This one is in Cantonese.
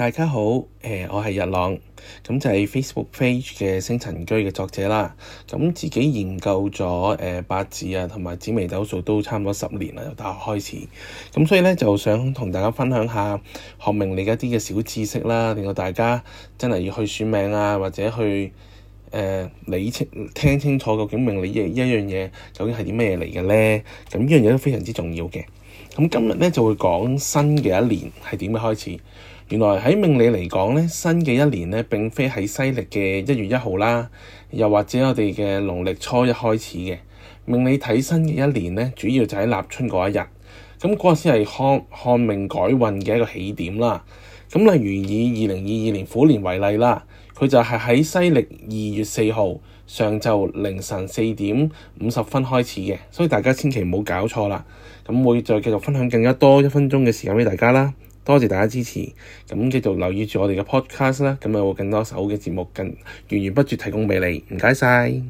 大家好，誒我係日朗，咁就係、是、Facebook page 嘅星辰居嘅作者啦。咁自己研究咗誒八字啊，同埋紫微斗數都差唔多十年啦，由大學開始。咁所以咧，就想同大家分享下學命理一啲嘅小知識啦，令到大家真係要去算命啊，或者去。誒、呃，你清聽清楚究竟命理一一樣嘢究竟係啲咩嚟嘅咧？咁呢樣嘢都非常之重要嘅。咁今日咧就會講新嘅一年係點嘅開始。原來喺命理嚟講咧，新嘅一年咧並非喺西曆嘅一月一號啦，又或者我哋嘅農曆初一開始嘅。命理睇新嘅一年咧，主要就喺立春嗰一日。咁嗰個先係看看命改運嘅一個起點啦。咁例如以二零二二年虎年為例啦，佢就係喺西歷二月四號上晝凌晨四點五十分開始嘅，所以大家千祈唔好搞錯啦。咁會再繼續分享更加多一分鐘嘅時間畀大家啦。多謝大家支持，咁繼續留意住我哋嘅 podcast 啦。咁有會更多首嘅節目更，更源源不絕提供俾你。唔該晒。